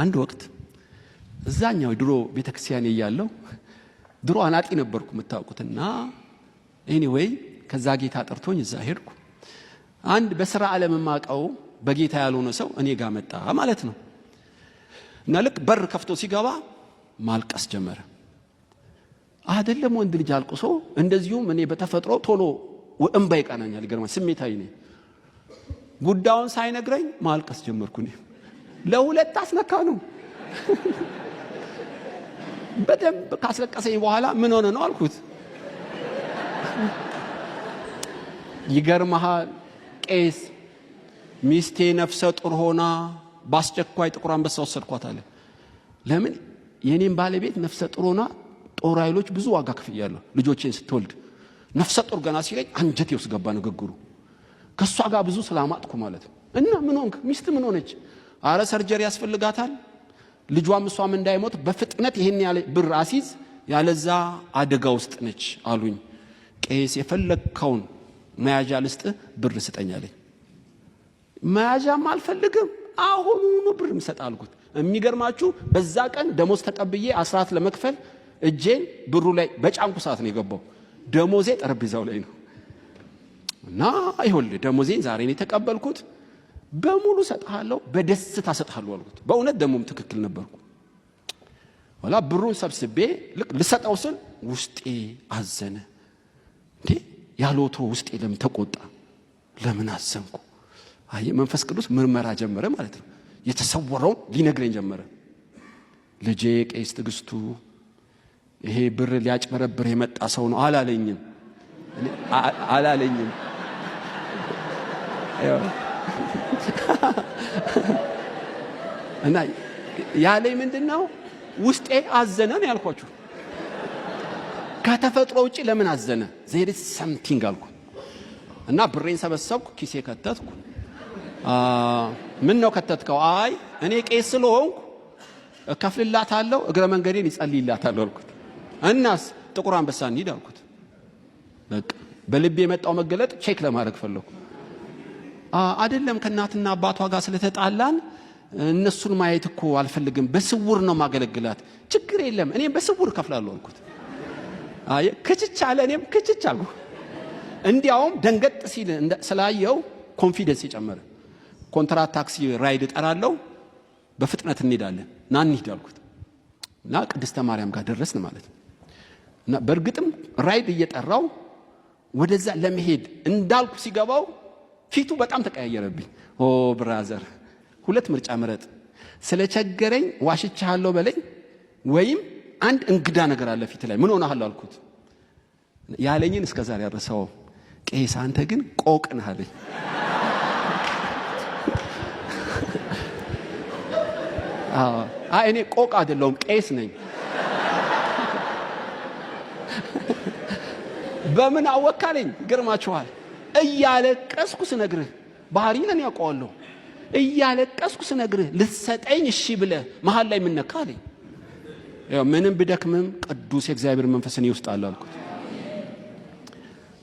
አንድ ወቅት እዛኛው ድሮ ቤተክርስቲያን እያለው ድሮ አናጢ ነበርኩ የምታውቁትና፣ ኤኒዌይ ከዛ ጌታ ጠርቶኝ እዛ ሄድኩ። አንድ በስራ ዓለም ማቀው በጌታ ያልሆነ ሰው እኔ ጋር መጣ ማለት ነው። እና ልክ በር ከፍቶ ሲገባ ማልቀስ ጀመረ። አይደለም ወንድ ልጅ አልቅሶ፣ እንደዚሁም እኔ በተፈጥሮ ቶሎ እንባ ይቀናኛል። ገርማ ስሜታዊ ጉዳዩን ሳይነግረኝ ማልቀስ ጀመርኩ እኔ ለሁለት አስነካ ነው። በደንብ ካስለቀሰኝ በኋላ ምን ሆነ ነው አልኩት። ይገርመሃል ቄስ ሚስቴ ነፍሰ ጡር ሆና በአስቸኳይ ጥቁር አንበሳ ወሰድኳት አለ። ለምን የኔም ባለቤት ነፍሰ ጡር ሆና ጦር ኃይሎች ብዙ ዋጋ ክፍያለሁ ልጆቼን ስትወልድ ነፍሰ ጡር ገና ሲለኝ አንጀቴ ውስጥ ገባ ንግግሩ። ከእሷ ጋር ብዙ ስላማጥኩ ማለት ነው። እና ምን ሆንክ? ሚስት ምን ሆነች? አረ ሰርጀሪ ያስፈልጋታል ልጇም እሷም እንዳይሞት በፍጥነት ይህን ያለ ብር አሲዝ፣ ያለዛ አደጋ ውስጥ ነች አሉኝ። ቄስ የፈለግከውን መያዣ ልስጥ ብር ስጠኛለኝ መያዣም አልፈልግም አሁኑኑ ብር ምሰጥ አልኩት። የሚገርማችሁ በዛ ቀን ደሞዝ ተቀብዬ አስራት ለመክፈል እጄን ብሩ ላይ በጫንኩ ሰዓት ነው የገባው። ደሞዜ ጠረጴዛው ላይ ነው እና ይኸውልህ ደሞዜን ዛሬ ነው የተቀበልኩት። በሙሉ ሰጥሃለሁ፣ በደስታ ሰጥሃለሁ አልኩት። በእውነት ደግሞም ትክክል ነበርኩ። ወላ ብሩን ሰብስቤ ልክ ልሰጠው ስል ውስጤ አዘነ። እንዴ ያሎቶ ውስጤ ለምን ተቆጣ? ለምን አዘንኩ? አየ መንፈስ ቅዱስ ምርመራ ጀመረ ማለት ነው። የተሰወረውን ሊነግረኝ ጀመረ። ልጄ ቄስ ትዕግስቱ ይሄ ብር ሊያጭበረብር የመጣ ሰው ነው አላለኝም አላለኝም እና ያለኝ ምንድን ነው ውስጤ አዘነ ነው ያልኳችሁ። ከተፈጥሮ ውጭ ለምን አዘነ? ዜር ኢዝ ሰምቲንግ አልኩ እና ብሬን ሰበሰብኩ፣ ኪሴ ከተትኩ። ምን ነው ከተትከው? አይ እኔ ቄስ ስለሆንኩ እከፍልላታለሁ፣ እግረ መንገዴን ይጸልይላታለሁ አልኩት። እናስ ጥቁር አንበሳ እንሂድ አልኩት። በቃ በልቤ የመጣው መገለጥ ቼክ ለማድረግ ፈለኩ። አይደለም ከእናትና አባቷ ጋር ስለተጣላን እነሱን ማየት እኮ አልፈልግም፣ በስውር ነው ማገለግላት። ችግር የለም እኔም በስውር ከፍላለሁ አልኩት። ክችች አለ፣ እኔም ክችች አልኩ። እንዲያውም ደንገጥ ሲል ስላየው ኮንፊደንስ የጨመረ ኮንትራት ታክሲ ራይድ እጠራለሁ፣ በፍጥነት እንሄዳለን፣ ና እንሂድ አልኩት እና ቅድስተ ማርያም ጋር ደረስን ማለት ነው። በእርግጥም ራይድ እየጠራው ወደዛ ለመሄድ እንዳልኩ ሲገባው ፊቱ በጣም ተቀያየረብኝ። ኦ ብራዘር፣ ሁለት ምርጫ ምረጥ። ስለቸገረኝ ዋሽቻለሁ በለኝ፣ ወይም አንድ እንግዳ ነገር አለ ፊት ላይ ምን ሆነሃል አልኩት። ያለኝን እስከ ዛሬ ያረሰው ቄስ፣ አንተ ግን ቆቅ ነህ አለኝ። አይ እኔ ቆቅ አይደለሁም ቄስ ነኝ። በምን አወካለኝ? ግርማችኋል። እያለቀስኩ ስነግርህ ባህሪህን ያውቀዋለሁ። እያለቀስኩ ስነግርህ ልሰጠኝ እሺ ብለ መሀል ላይ የምነካ አለኝ። ምንም ብደክምም ቅዱስ የእግዚአብሔር መንፈስን ይውስጣለሁ አልኩት።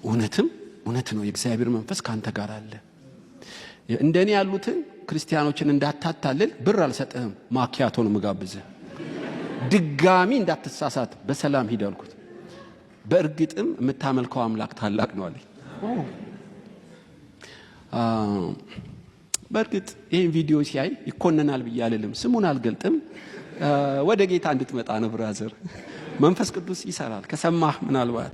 እውነትም እውነት ነው። የእግዚአብሔር መንፈስ ካንተ ጋር አለ። እንደኔ ያሉትን ክርስቲያኖችን እንዳታታልል ብር አልሰጥህም። ማኪያቶ ነው ምጋብዝህ። ድጋሚ እንዳትሳሳት በሰላም ሂድ አልኩት። በእርግጥም የምታመልከው አምላክ ታላቅ ነው አለኝ። በእርግጥ ይህን ቪዲዮ ሲያይ ይኮነናል ብዬ አልልም። ስሙን አልገልጥም። ወደ ጌታ እንድትመጣ ነው ብራዘር። መንፈስ ቅዱስ ይሰራል ከሰማህ ምናልባት